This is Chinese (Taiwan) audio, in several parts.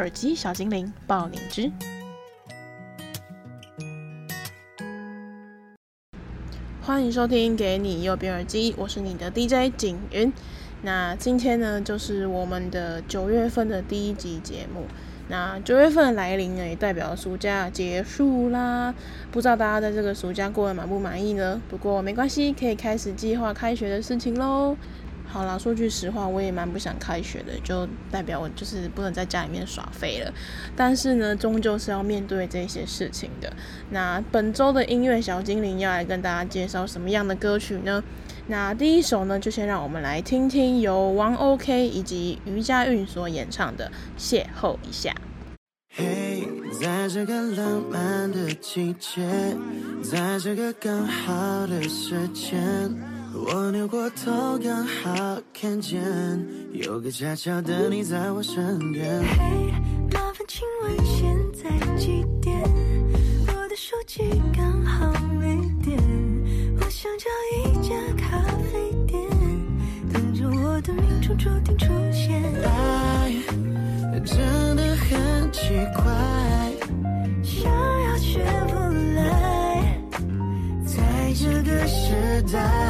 耳機小精靈報你知，歡迎收聽給你右邊耳機，我是你的 DJ 景雲。那今天呢，就是我們的九月份的第一集節目。那九月份的來臨呢，也代表暑假結束啦。不知道大家在這個暑假過得滿不滿意呢？不過沒關係，可以開始計劃開學的事情嘍。好啦，說句實話，我也蠻不想開學的，就代表我就是不能在家裡面耍廢了。但是呢，終究是要面對這些事情的。那本周的音樂小精靈要來跟大家介紹什麼樣的歌曲呢？那第一首呢，就先讓我們來聽聽由王 OK 以及余佳運所演唱的《邂逅一夏》hey,。在這個浪漫的季節在這個更好的時間我扭過頭，剛好看見，有個恰巧的你在我身邊。嘿、hey，麻煩請問現在幾點？我的手機剛好沒電，我想找一家咖啡店，等着我的命中注定出現。愛真的很奇怪，想要卻不來，在這個時代。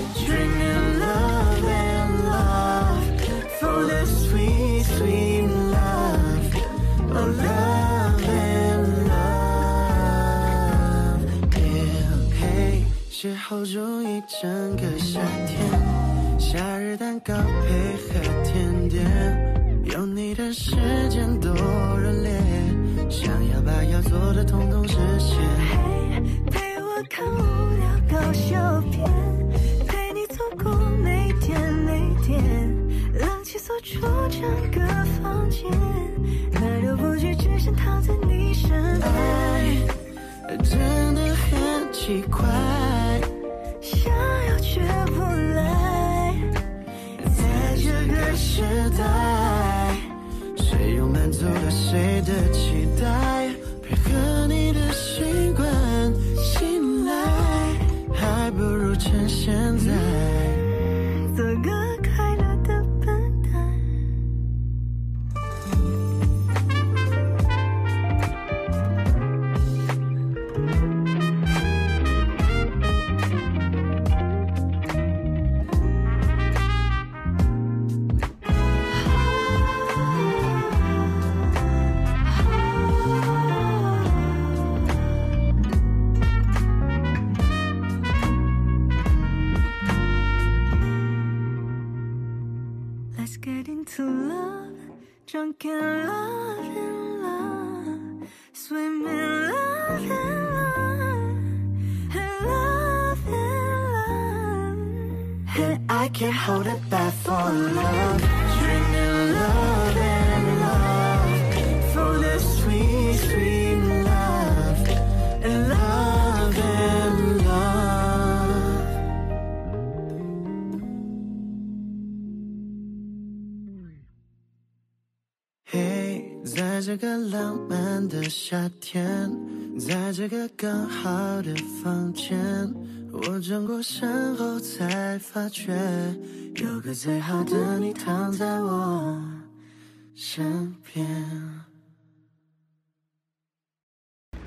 包容一整個夏天，夏日蛋糕配和甜點，有你的時間多熱烈，想要把要做的統統實現。嘿，陪我看無聊搞笑片，陪你走過每天每天，冷氣鎖住整個房間，哪都不去只想躺在你身邊。愛真的很奇怪。趁現在。夏天，在這個剛好的房間，我轉過身後才發覺，有個最好的你躺在我身邊。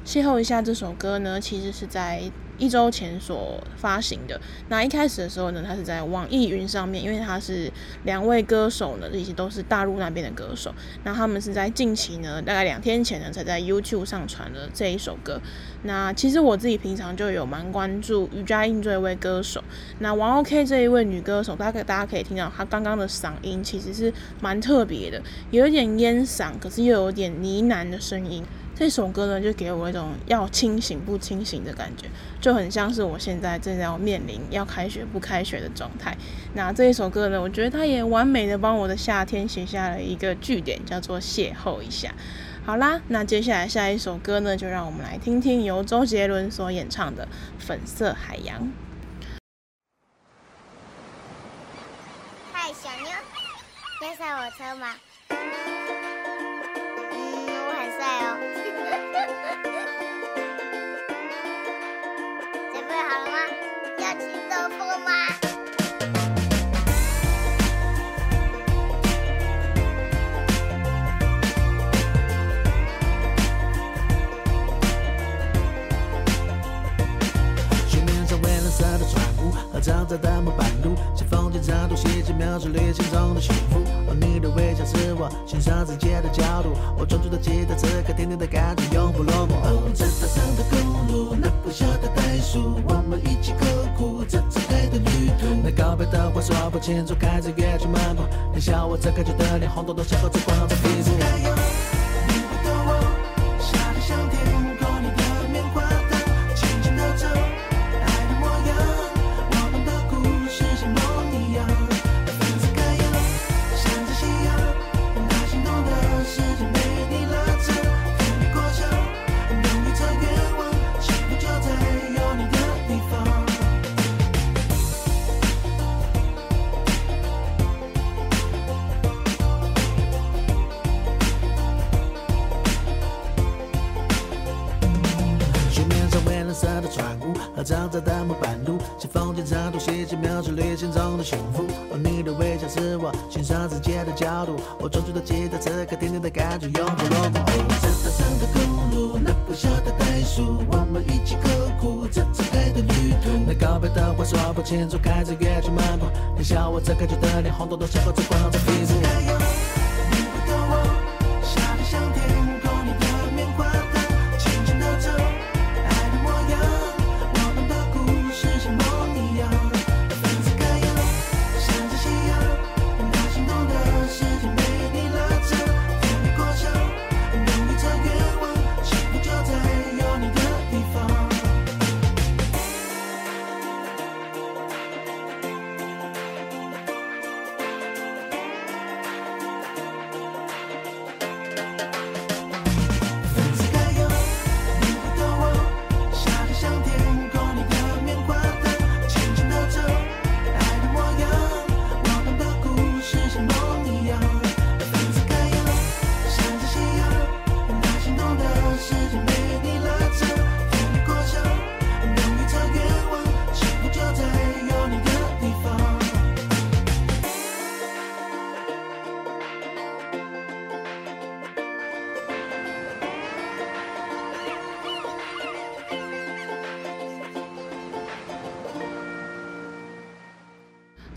邂逅一夏這首歌呢，其實是在一周前所發行的。那一開始的時候呢，它是在網易雲上面，因為它是兩位歌手呢，已經都是大陸那邊的歌手。那他們是在近期呢，大概兩天前呢，才在 YouTube 上傳了這一首歌。那其實我自己平常就有蠻關注余佳運這一位歌手。那王 OK 這一位女歌手，大概大家可以聽到她剛剛的嗓音，其實是蠻特別的，有一點煙嗓，可是又有點呢喃的聲音。這首歌呢，就給我一種要清醒不清醒的感覺，就很像是我現在正要面臨要開學不開學的狀態。那這一首歌呢，我覺得它也完美地幫我的夏天寫下了一個句點，叫做“邂逅一夏”。好啦，那接下來下一首歌呢，就讓我們來聽聽由周杰倫所演唱的《粉色海洋》。嗨，小妞，你要上我車嗎？嗯，我很帥哦。要去兜風嗎？長長的木板路，像風景插圖，細細描述旅行中的幸福。哦，你的微笑是我欣賞世界的角度。我、哦、專注的記得，此刻甜甜的感覺永不落幕。哦，島上的公路，那微笑的袋鼠，我們一起呵護，這場愛的旅途。那告別的話說不清楚，開着月球漫步。你笑我這害、個、羞的臉紅彤彤，像猴子光着屁股。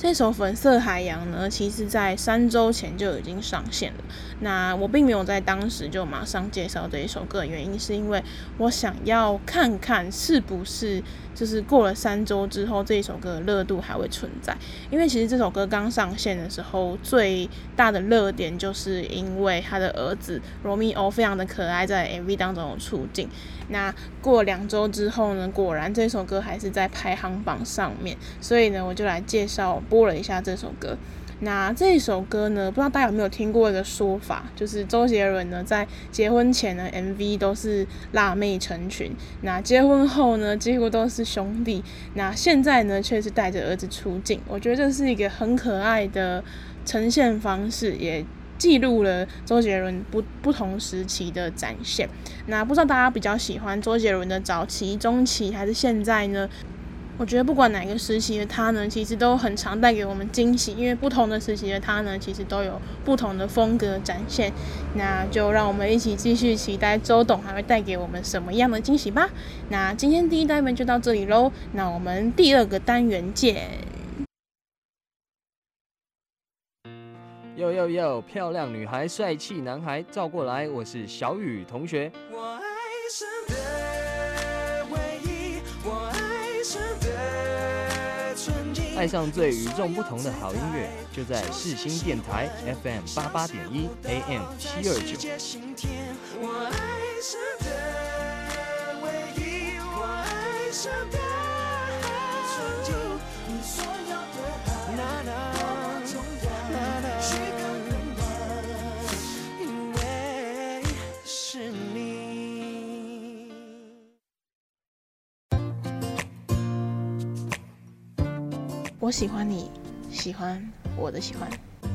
那首《粉色海洋》呢，其實，在三周前就已經上線了。那我並沒有在當時就馬上介紹這一首歌，原因是因為我想要看看是不是就是過了三周之後這一首歌的熱度還會存在。因為其實這首歌剛上線的時候，最大的熱點就是因為他的兒子 Romeo 非常的可愛，在 MV 當中有出鏡。那過兩周之後呢，果然這首歌還是在排行榜上面，所以呢，我就來介紹播了一下這首歌。那這一首歌呢，不知道大家有沒有聽過一個說法，就是周杰倫呢在結婚前呢 MV 都是辣妹成群，那結婚後呢幾乎都是兄弟，那現在呢卻是帶着兒子出鏡。我覺得這是一個很可愛的呈現方式，也記錄了周杰倫不不同時期的展現。那不知道大家比較喜歡周杰倫的早期、中期還是現在呢？我覺得不管哪個時期的他呢，其實都很常帶給我們驚喜，因為不同的時期的他呢，其實都有不同的風格展現。那就讓我們一起繼續期待周董還會帶給我們什麼樣的驚喜吧。那今天第一單元就到這裡嘍，那我們第二個單元見。喲喲喲，漂亮女孩，帥氣男孩，照過來，我是小雨同學。愛上最與眾不同的好音樂，就在世新電台 FM 八八點一 AM 七二九。我喜歡你，喜歡我的喜歡。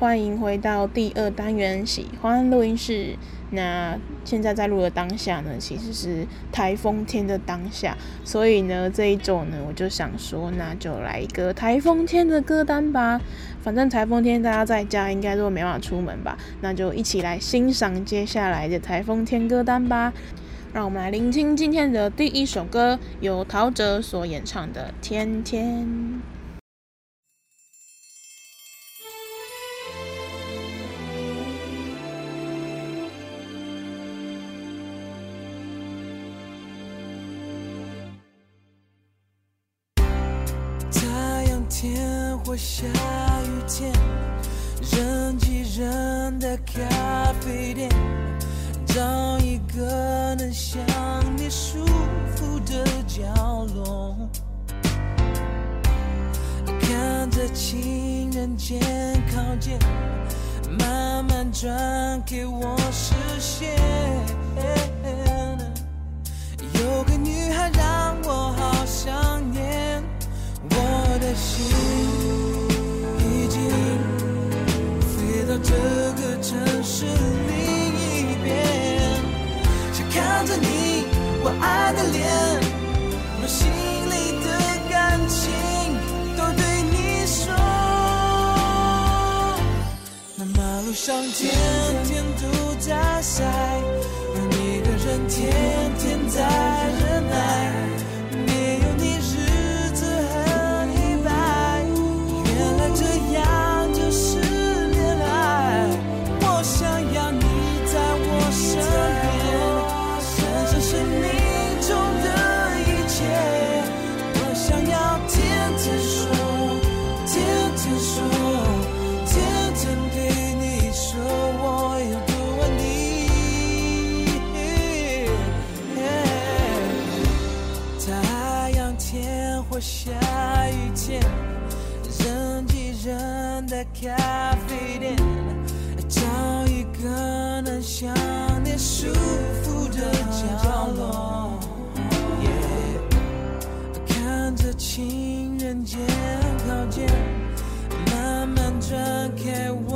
歡迎回到第二單元“喜歡”錄音室。那現在在錄的當下呢，其實是台風天的當下，所以呢這一周呢，我就想說，那就來一個台風天的歌單吧。反正台風天大家在家應該都沒辦法出門吧，那就一起來欣賞接下來的台風天歌單吧。讓我們來聆聽今天的第一首歌，由陶喆所演唱的《天天》。肩靠肩，慢慢轉給我路上天天都在塞，而你的人天天在忍耐。下雨天，人擠人的咖啡店，找一個能想你舒服的角落，看着情人肩靠肩，慢慢轉開我。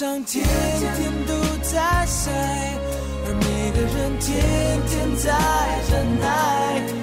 上天天都在曬，而每個人天天在忍耐。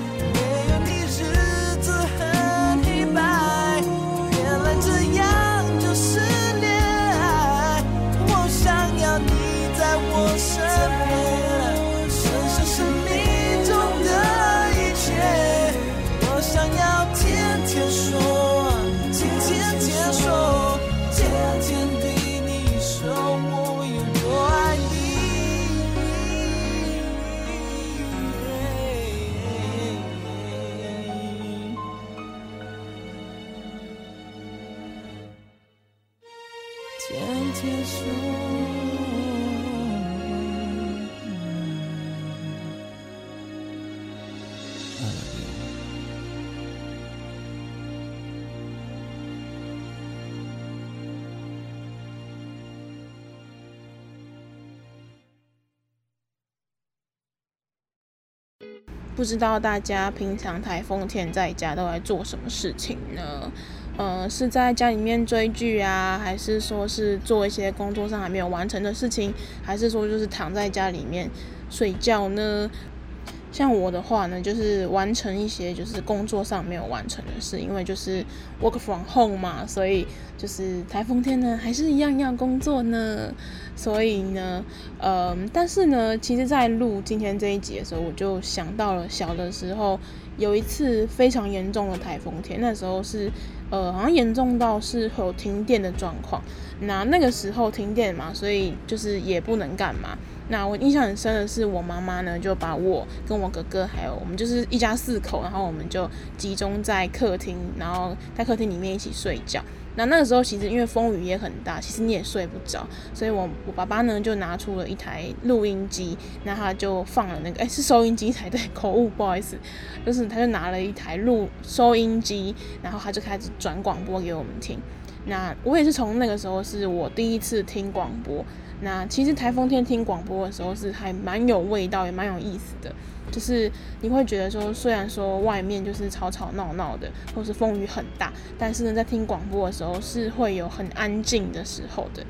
不知道大家平常颱風天在家都在做什麼事情呢？呃，是在家裡面追劇啊，還是說是做一些工作上還沒有完成的事情，還是說就是躺在家裡面睡覺呢？像我的話呢，就是完成一些就是工作上沒有完成的事，因為就是 work from home 嘛，所以就是颱風天呢，還是一樣要工作呢。所以呢，嗯、呃，但是呢，其實在錄今天這一集的時候，我就想到了小的時候有一次非常嚴重的颱風天，那時候是呃，好像嚴重到是會有停電的狀況。那那個時候停電嘛，所以就是也不能幹嘛。那我印象很深的是我媽媽，我媽媽呢，就把我跟我哥哥還有我們就是一家四口，然後我們就集中在客廳，然後在客廳裡面一起睡覺。那那個時候其實因為風雨也很大，其實你也睡不着，所以我我爸爸呢就拿出了一台錄音機，那他就放了那個，哎、欸，是收音機才對，口誤，不好意思，就是他就拿了一台錄收音機，然後他就開始轉廣播給我們聽。那我也是從那個時候是我第一次聽廣播。那其實颱風天聽廣播的時候是還蠻有味道，也蠻有意思的。就是你會覺得說，雖然說外面就是吵吵鬧鬧的，或是風雨很大，但是呢，在聽廣播的時候是會有很安靜的時候的。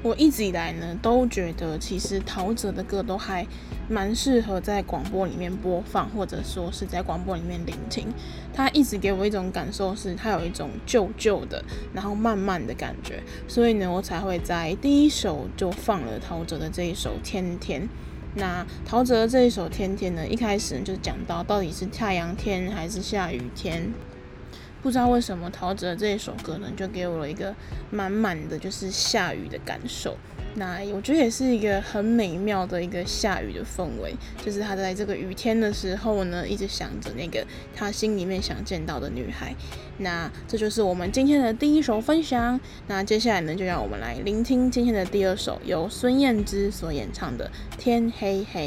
我一直以來呢，都覺得其實陶喆的歌都還蠻適合在廣播裡面播放，或者說是在廣播裡面聆聽。他一直給我一種感受是，是他有一種舊舊的，然後慢慢的感覺。所以呢，我才會在第一首就放了陶喆的這一首《天天》。那陶喆這一首《天天》呢，一開始就講到到底是太陽天還是下雨天。不知道為什麼陶喆這一首歌呢，就給我了一個滿滿的就是下雨的感受。那我覺得也是一個很美妙的一個下雨的氛圍，就是他在這個雨天的時候呢，一直想着那個他心裡面想見到的女孩。那這就是我們今天的第一首分享。那接下來呢，就讓我們來聆聽今天的第二首，由孫燕姿所演唱的《天黑黑》。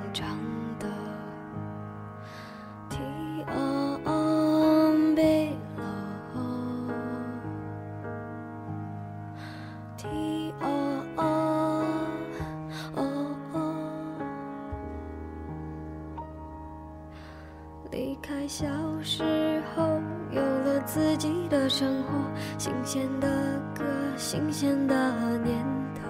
新鮮的念頭，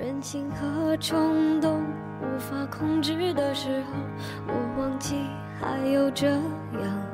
任性和衝動無法控制的時候，我忘記還有這樣。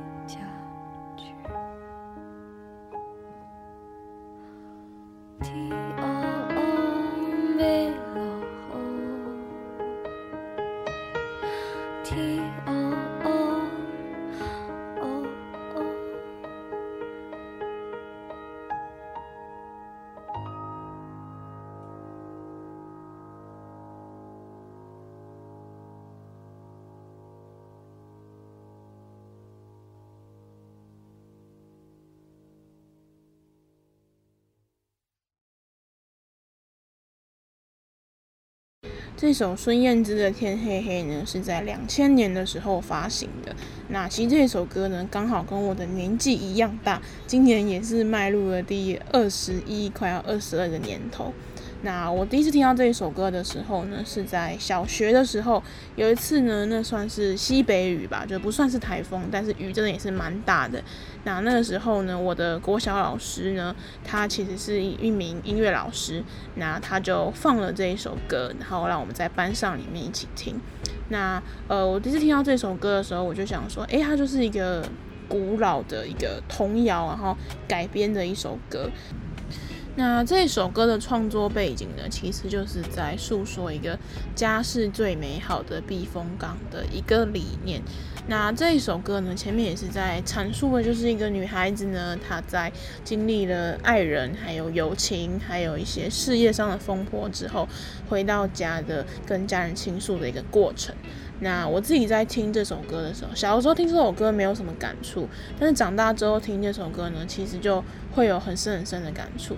這首孫燕姿的《天黑黑》呢，是在兩千年的時候發行的。那其實這首歌呢，剛好跟我的年紀一樣大，今年也是邁入了第二十一、快要二十二的年頭。那我第一次聽到這一首歌的時候呢，是在小學的時候。有一次呢，那算是西北雨吧，就不算是台風，但是雨真的也是蠻大的。那那個時候呢，我的國小老師呢，他其實是一名音樂老師，那他就放了這一首歌，然後讓我們在班上裡面一起聽。那呃，我第一次聽到這首歌的時候，我就想說，誒，它就是一個古老的一個童謠，然後改編的一首歌。那這首歌的創作背景呢，其實就是在訴說一個家是最美好的避風港的一個理念。那這一首歌呢，前面也是在闡述的，就是一個女孩子呢，她在經歷了愛人、還有友情，還有一些事業上的風波之後，回到家的跟家人傾訴的一個過程。那我自己在聽這首歌的時候，小時候聽這首歌沒有什麼感觸，但是長大之後聽這首歌呢，其實就會有很深很深的感觸。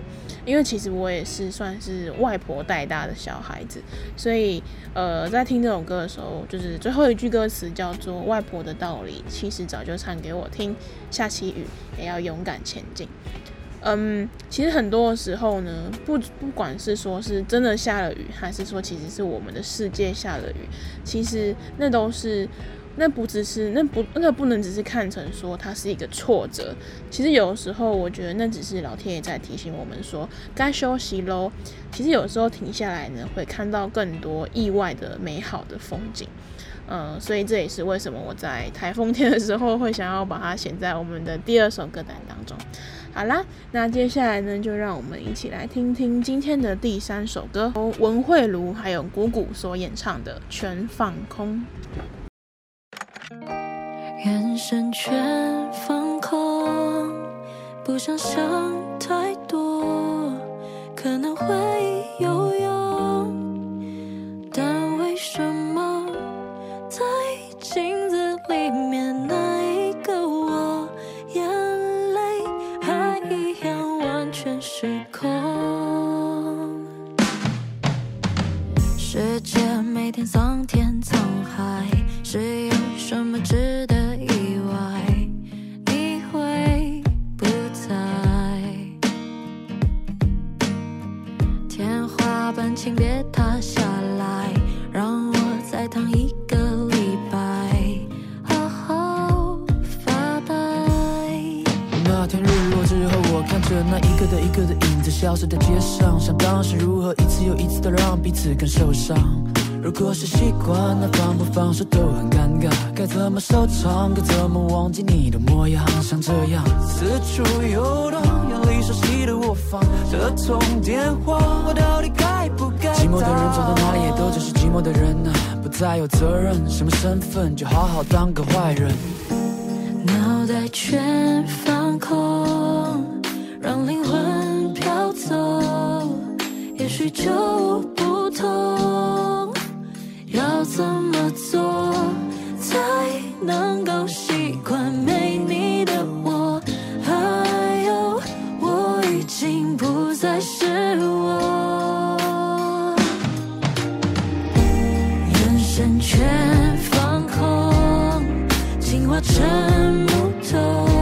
因為其實我也是算是外婆帶大的小孩子，所以呃，在聽這首歌的時候，就是最後一句歌詞叫做“外婆的道理”，其實早就唱給我聽，下起雨也要勇敢前進。嗯，其實很多時候呢，不不管是說是真的下了雨，還是說其實是我們的世界下了雨，其實那都是那不只是那不那不能只是看成說它是一個挫折。其實有時候，我覺得那只是老天爺在提醒我們說該休息嘍。其實有時候停下來呢，會看到更多意外的美好的風景。嗯，所以這也是為什麼我在台風天的時候會想要把它寫在我們的第二首歌單當中。好啦，那接下來呢，就讓我們一起來聽聽今天的第三首歌，由文慧如還有鼓鼓所演唱的《全放空》。人生全放空，不想想太多，可能會有用消失在街上，想當時如何，一次又一次的讓彼此更受傷。如果是習慣，那放不放手都很尷尬。該怎麼收場，該怎麼忘記你的模樣？像這樣四處遊蕩，眼裡熟悉的我放這通電話，我到底該不該？寂寞的人走到哪裡也都只是寂寞的人吶、啊，不再有責任，什麼身份，就好好當個壞人。腦袋全放空，讓靈魂、嗯。走，也許就不同。要怎麼做，才能夠習慣沒你的我？還有，我已經不再是我。眼神全放空，情話全部都。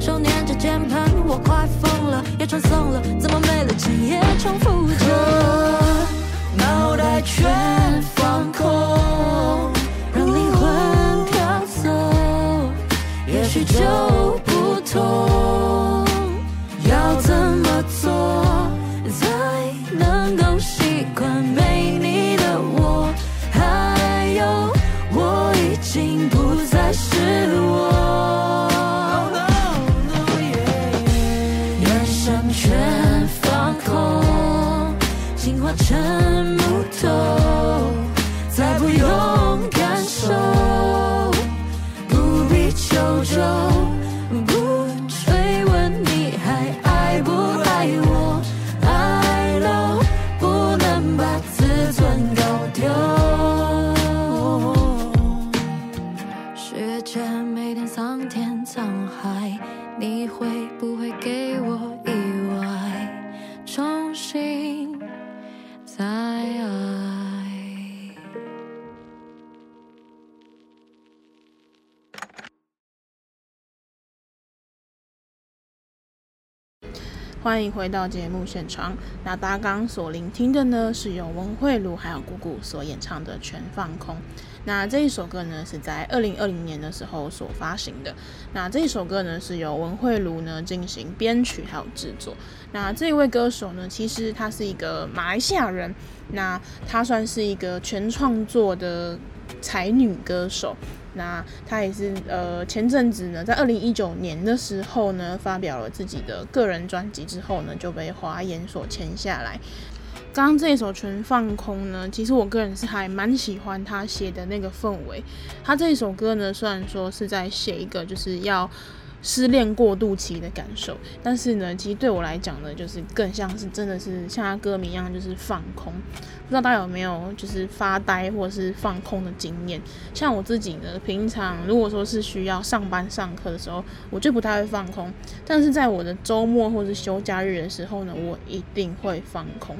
手捻着鍵盤，我快瘋了，也傳送了，怎麼沒了？今夜重複着，腦袋全。歡迎回到節目現場。那大家剛所聆聽的呢，是由文慧如還有姑姑所演唱的《全放空》。那這一首歌呢，是在二零二零年的時候所發行的。那這一首歌呢，是由文慧如呢進行編曲還有制作。那這一位歌手呢，其實他是一個馬來西亞人。那他算是一個全創作的。才女歌手，那她也是呃，前陣子呢，在二零一九年的時候呢，發表了自己的個人專輯之後呢，就被華研所簽下來。剛剛這一首《全放空》呢，其實我個人是還蠻喜歡她寫的那個氛圍。她這一首歌呢，雖然說是在寫一個就是要。失戀過渡期的感受，但是呢，其實對我來講呢，就是更像是真的是像他歌名一樣，就是放空。不知道大家有沒有就是發呆或是放空的經驗？像我自己呢，平常如果說是需要上班上課的時候，我就不太會放空；但是在我的週末或是休假日的時候呢，我一定會放空。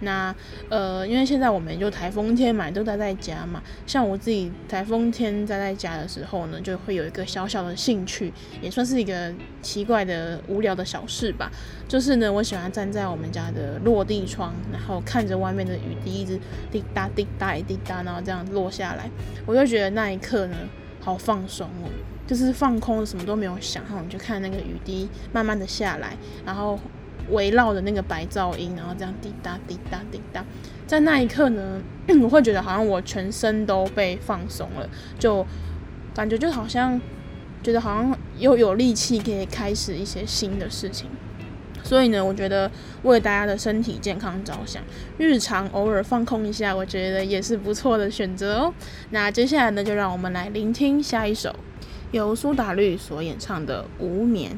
那呃，因為現在我們就颱風天嘛，都待在家嘛。像我自己颱風天待在，在家的時候呢，就會有一個小小的興趣，也算是一個奇怪的無聊的小事吧。就是呢，我喜歡站在我們家的落地窗，然後看着外面的雨滴一直滴答滴答滴答、欸、滴答，然後這樣落下來，我就覺得那一刻呢，好放鬆哦、喔，就是放空，什麼都沒有想，然後我們就看那個雨滴慢慢的下來，然後。圍繞着那個白噪音，然後這樣滴答滴答滴答，在那一刻呢，我會覺得好像我全身都被放鬆了，就感覺就好像覺得好像又有力氣可以開始一些新的事情。所以呢，我覺得為大家的身體健康着想，日常偶爾放空一下，我覺得也是不錯的選擇哦。那接下來呢，就讓我們來聆聽下一首由蘇打綠所演唱的《無眠》。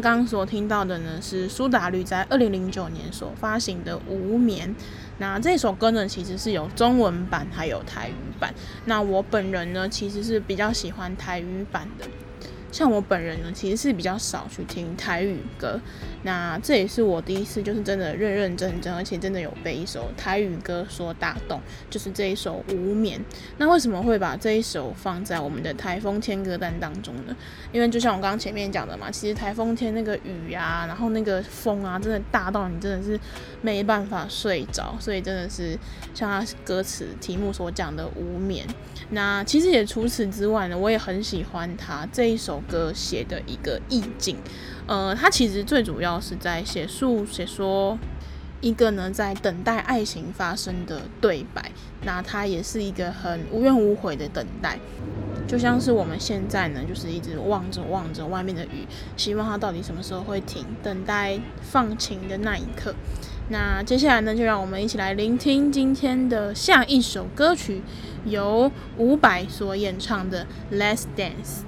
剛剛所聽到的呢，是蘇打綠在二零零九年所發行的《無眠》，那這首歌呢，其實是有中文版還有台語版，那我本人呢，其實是比較喜歡台語版的。像我本人呢，其實是比較少去聽台語歌，那這也是我第一次，就是真的認認真真，而且真的有被一首台語歌所打動，就是這一首《無眠》。那為什麼會把這一首放在我們的台風天歌單當中呢？因為就像我剛剛前面講的嘛，其實台風天那個雨啊，然後那個風啊，真的大到你真的是沒辦法睡着，所以真的是像它歌詞題目所講的無眠。那其實也除此之外呢，我也很喜歡它這一首。歌寫的一個意境，呃，它其實最主要是在寫書寫說一個呢，在等待愛情發生的對白。那它也是一個很無怨無悔的等待，就像是我們現在呢，就是一直望着望着外面的雨，希望它到底什麼時候會停，等待放晴的那一刻。那接下來呢，就讓我們一起來聆聽今天的下一首歌曲，由伍佰所演唱的《Last Dance》。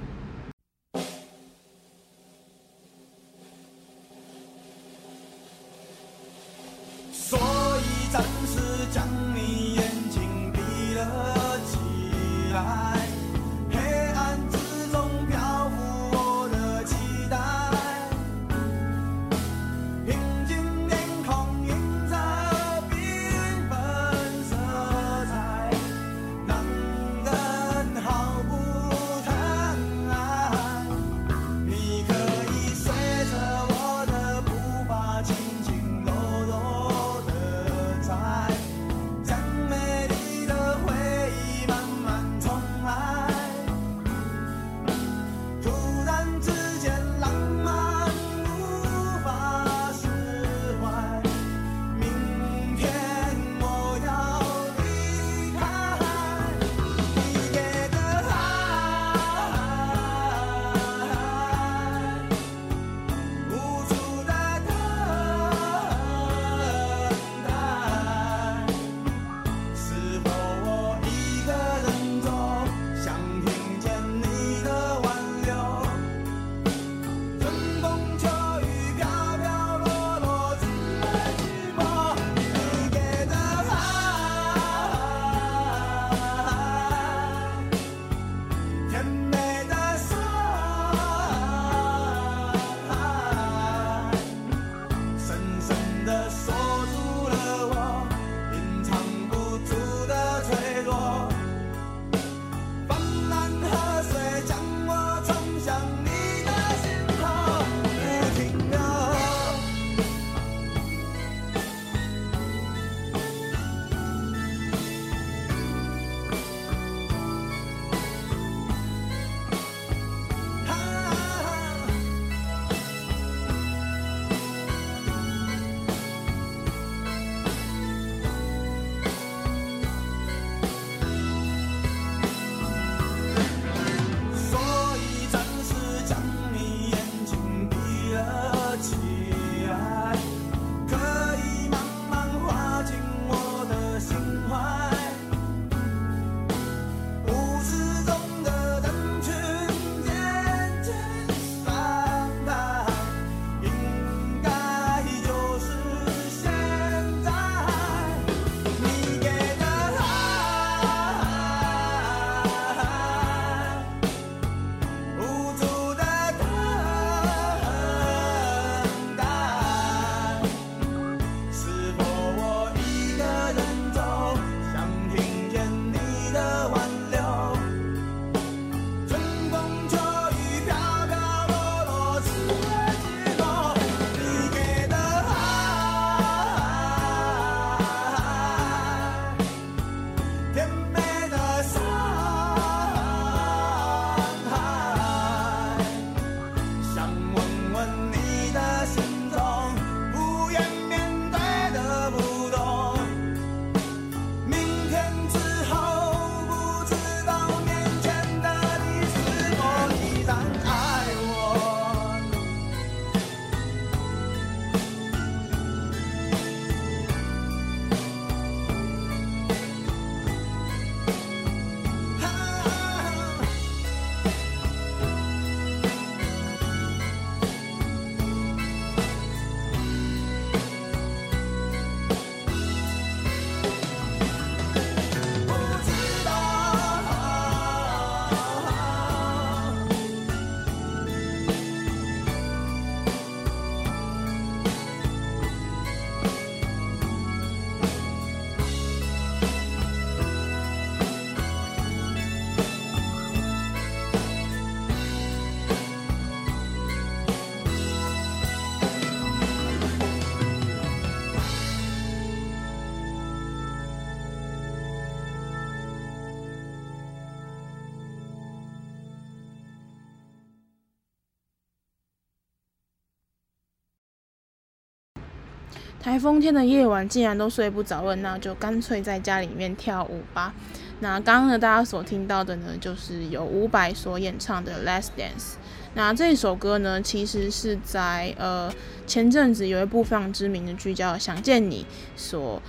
颱風天的夜晚，既然都睡不着了，那就乾脆在家裡面跳舞吧。那剛剛呢，大家所聽到的呢，就是由伍佰所演唱的《Last Dance》。那這首歌呢，其實是在呃前陣子有一部非常知名的劇叫《想見你》所。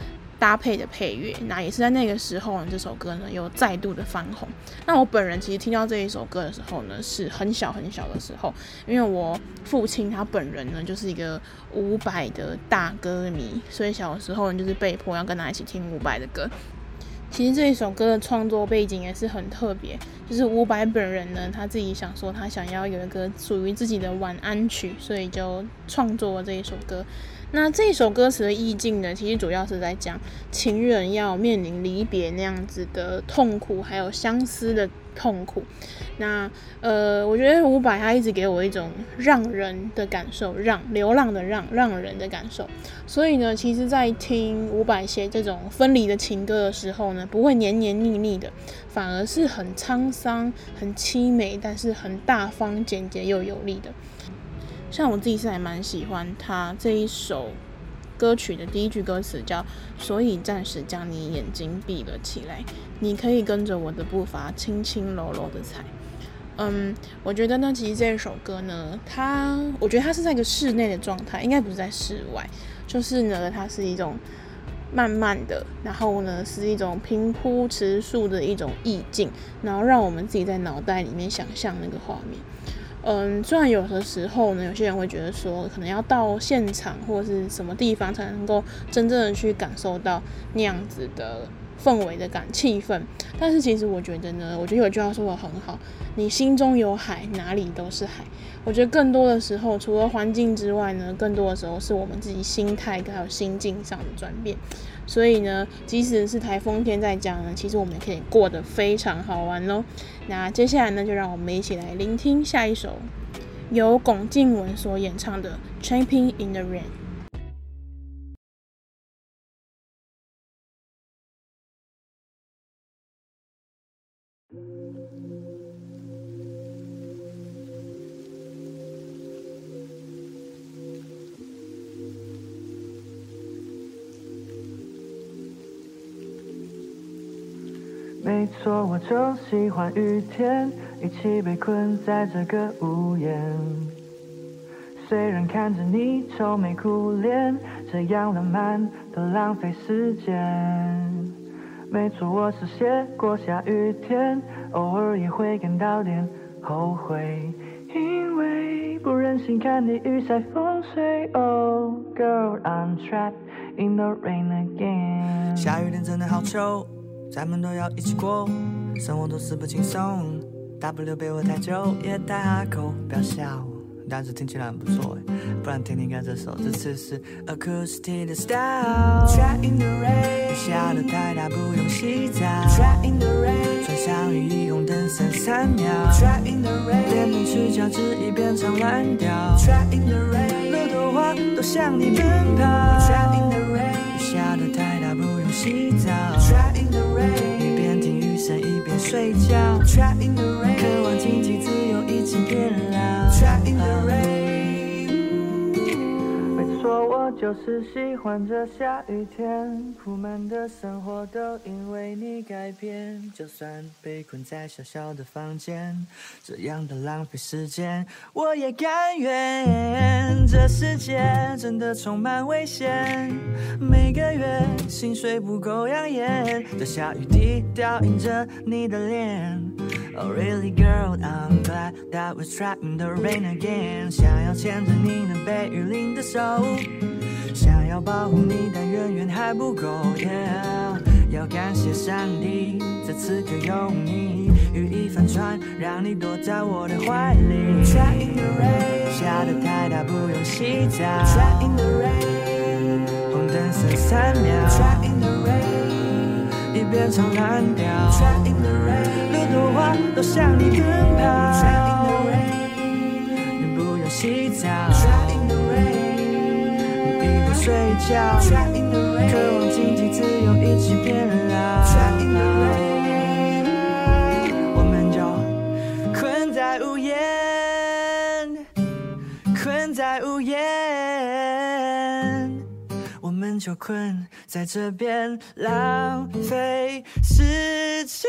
搭配的配樂，那也是在那個時候呢，這首歌呢又再度的翻紅。那我本人其實聽到這一首歌的時候呢，是很小很小的時候，因為我父親他本人呢就是一個伍佰的大歌迷，所以小的時候呢就是被迫要跟他一起聽伍佰的歌。其實這一首歌的創作背景也是很特別，就是伍佰本人呢他自己想說他想要有一個屬於自己的晚安曲，所以就創作了這一首歌。那這首歌詞的意境呢，其實主要是在講情人要面臨離別那樣子的痛苦，還有相思的痛苦。那呃，我覺得伍佰他一直給我一種讓人的感受，讓流浪的讓讓人的感受。所以呢，其實，在聽伍佰寫這種分離的情歌的時候呢，不會黏黏膩膩的，反而是很滄桑、很淒美，但是很大方、簡潔又有力的。像我自己是還蠻喜歡他這一首歌曲的第一句歌詞叫“所以暫時將你眼睛閉了起來，你可以跟着我的步伐輕輕柔柔的踩。”嗯，我覺得呢，其實這首歌呢，它我覺得它是在一個室內的狀態，應該不是在室外，就是呢，它是一種慢慢的，然後呢是一種平鋪直述的一種意境，然後讓我們自己在腦袋裡面想象那個畫面。嗯，雖然有的時候呢，有些人會覺得說，可能要到現場或者是什麼地方才能夠真正的去感受到那樣子的氛圍的感氣氛，但是其實我覺得呢，我覺得有句話說的很好，你心中有海，哪裡都是海。我覺得更多的時候，除了環境之外呢，更多的時候是我們自己心態跟還有心境上的轉變。所以呢，即使是颱風天在家呢，其實我們也可以過得非常好玩咯。那接下來呢，就讓我們一起來聆聽下一首由鞏靜文所演唱的《trapped in the rain》。說我就喜歡雨天，一起被困在這個屋檐。雖然看着你愁眉苦臉，這樣浪漫都浪費時間。沒錯，我是寫過下雨天，偶爾也會感到點後悔，因為不忍心看你雨曬風吹。Oh, oh, girl, I'm trapped in the rain again。下雨天真的好醜。 咱們都要一起過，生活總是不輕鬆。W 被我太久也太口，不要笑，但是聽起來很不錯誒。不然天天看這首，這次是 Acoustic 的 Style。Trapped in the rain，雨下的太大不用洗澡。Trapped in the rain，穿上雨衣，紅燈閃三秒。Trapped in the rain，連同曲調，只意變成藍調。Trapped in the rain，路多滑，都向你奔跑。Trapped in the rain，雨下的太大不用洗澡。嗯、一邊聽雨聲一邊睡覺，渴望經濟自由，一起變老。就是喜歡這下雨天，鋪滿的生活都因為你改變。就算被困在小小的房間，這樣的浪費時間我也甘願。這世界真的充滿危險，每個月薪水不夠養眼。這下雨滴倒映着你的臉，Oh, really girl, I'm glad that we're trapped in the rain again。想要牽着你那被雨淋的手。想要保護你，但遠遠還不夠。Yeah, 要感謝上帝，在此刻有你。雨衣反穿，讓你躲在我的懷裡。Trapped in the rain, 下的太大，不用洗澡。Trapped in the rain, 紅燈剩三秒。已變成藍調。Trapped in the rain, 路多花都向你奔跑。Trapped in the rain, 你不用洗澡。睡覺，渴望經濟自由，一起變老。Trapped in the rain, 啊、我們就困在屋檐，困在屋檐，我們就困在這邊浪費時間。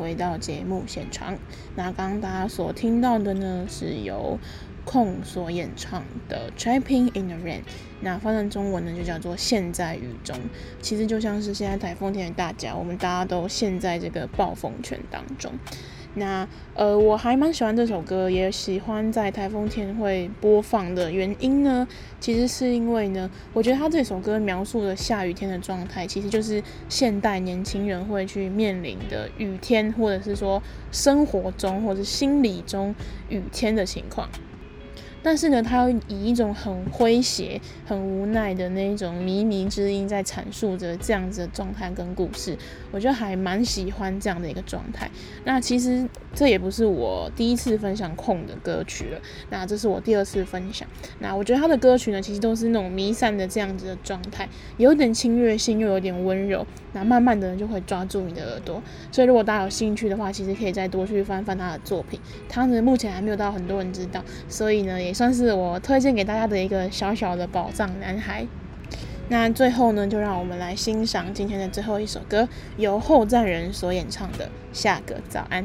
回到節目現場，那剛剛大家所聽到的呢，是由控所演唱的《Trapped in the Rain》，那翻成中文呢就叫做《陷在雨中》。其實就像是現在颱風天的大家，我們大家都陷在這個暴風圈當中。那呃，我還蠻喜歡這首歌，也喜歡在台風天會播放的原因呢，其實是因為呢，我覺得他這首歌描述的下雨天的狀態，其實就是現代年輕人會去面臨的雨天，或者是說生活中或者心理中雨天的情況。但是呢，他要以一種很詼諧、很無奈的那一種靡靡之音，在闡述着這樣子的狀態跟故事。我覺得還蠻喜歡這樣的一個狀態。那其實這也不是我第一次分享空的歌曲了，那這是我第二次分享。那我覺得他的歌曲呢，其實都是那種彌散的這樣子的狀態，有點侵略性，又有點溫柔。那慢慢的人就會抓住你的耳朵。所以如果大家有興趣的話，其實可以再多去翻翻他的作品。他呢，目前還沒有到很多人知道，所以呢，也算是我推薦給大家的一個小小的寶藏男孩。那最後呢，就讓我們來欣賞今天的最後一首歌，由後站人所演唱的《下個早安》。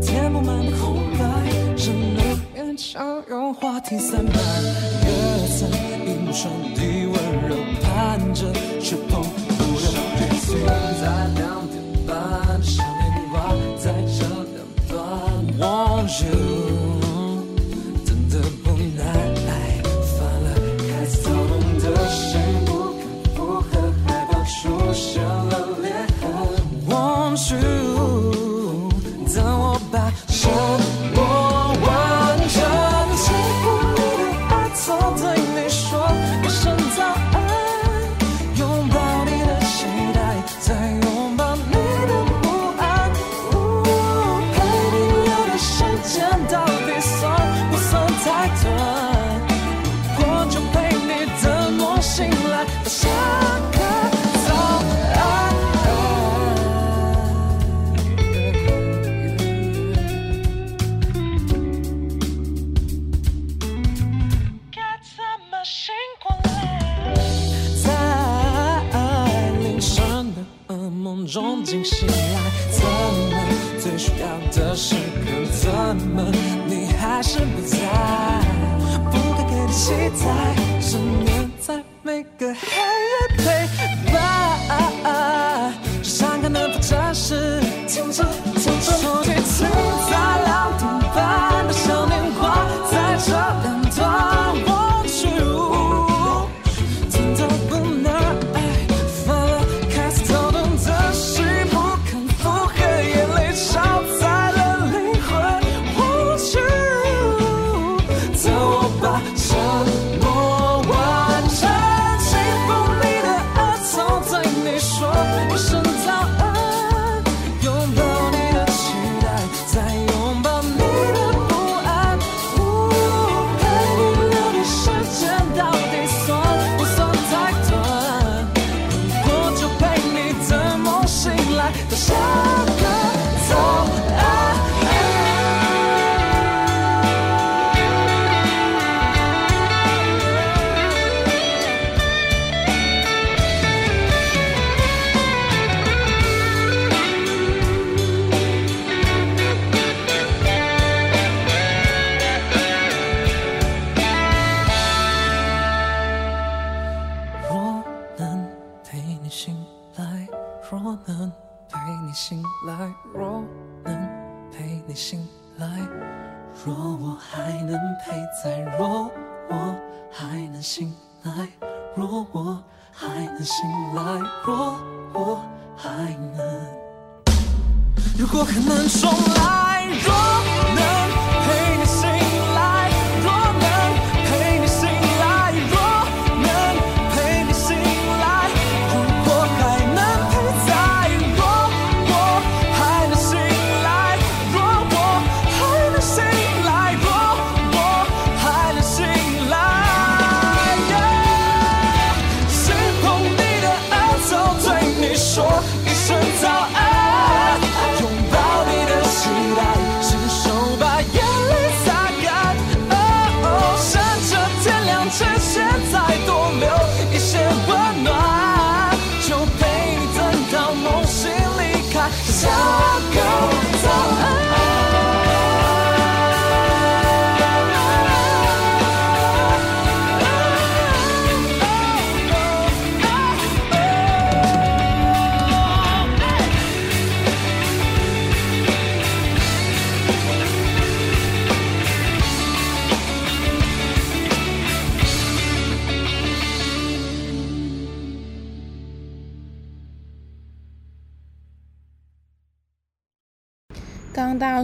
填不滿的空白，只能勉強用話題塞滿。歌詞，閉目雙眼，溫柔盼着，卻碰不了。手機停在兩點半的想念，臉掛在這兩端。誰在身邊。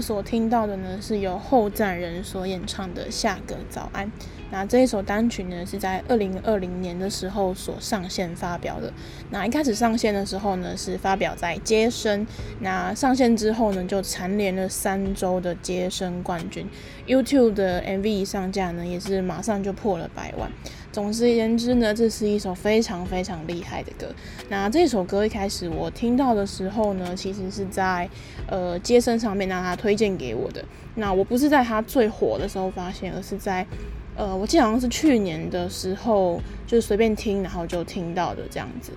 所聽到的呢，是由後站人所演唱的《下個早安》。那這一首單曲呢，是在二零二零年的時候所上線發表的。那一開始上線的時候呢，是發表在《街聲》，那上線之後呢，就蟬聯了三周的《街聲》冠軍。YouTube 的 MV 上架呢，也是馬上就破了百萬。總而言之呢，這是一首非常非常厲害的歌。那這首歌一開始我聽到的時候呢，其實是在呃街聲上面讓他推薦給我的。那我不是在他最火的時候發現，而是在呃我記得好像是去年的時候，就是隨便聽，然後就聽到的這樣子。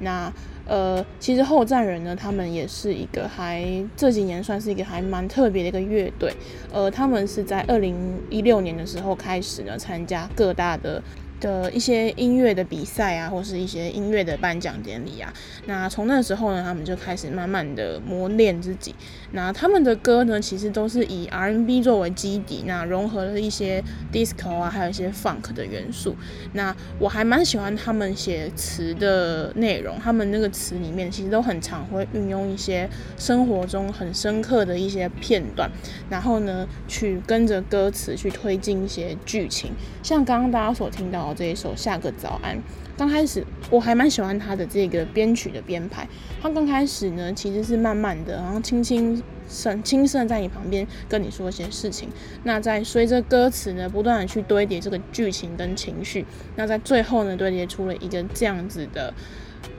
那呃其實後站人呢，他們也是一個還這幾年算是一個還蠻特別的一個樂隊。呃，他們是在二零一六年的時候開始呢參加各大的。的一些音樂的比賽啊，或是一些音樂的頒獎典禮啊，那從那時候呢，他們就開始慢慢的磨練自己。那他們的歌呢，其實都是以 R&B 作為基底，那融合了一些 disco 啊，還有一些 funk 的元素。那我還蠻喜歡他們寫詞的內容，他們那個詞裡面其實都很常會運用一些生活中很深刻的一些片段，然後呢，去跟着歌詞去推進一些劇情。像剛剛大家所聽到。這一首《下個早安》，剛開始我還蠻喜歡他的這個編曲的編排，他剛開始呢，其實是慢慢的，然後輕輕聲，輕聲在你旁邊跟你說一些事情，那在隨着歌詞呢不斷的去堆疊這個劇情跟情緒，那在最後呢堆疊出了一個這樣子的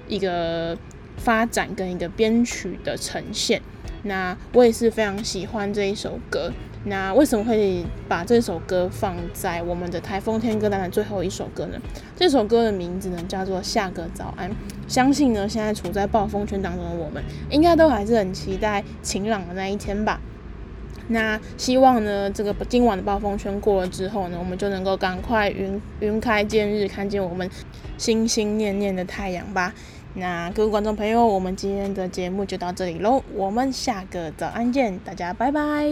一個發展跟一個編曲的呈現，那我也是非常喜歡這一首歌。那為什麼會把這首歌放在我們的颱風天歌單的最後一首歌呢？這首歌的名字呢叫做《下個早安》。相信呢，現在處在暴風圈當中的我們，應該都還是很期待晴朗的那一天吧？那希望呢，這個今晚的暴風圈過了之後呢，我們就能夠趕快雲雲開見日，看見我們心心念念的太陽吧。那各位觀眾朋友，我們今天的節目就到這裡嘍，我們下個早安見，大家拜拜。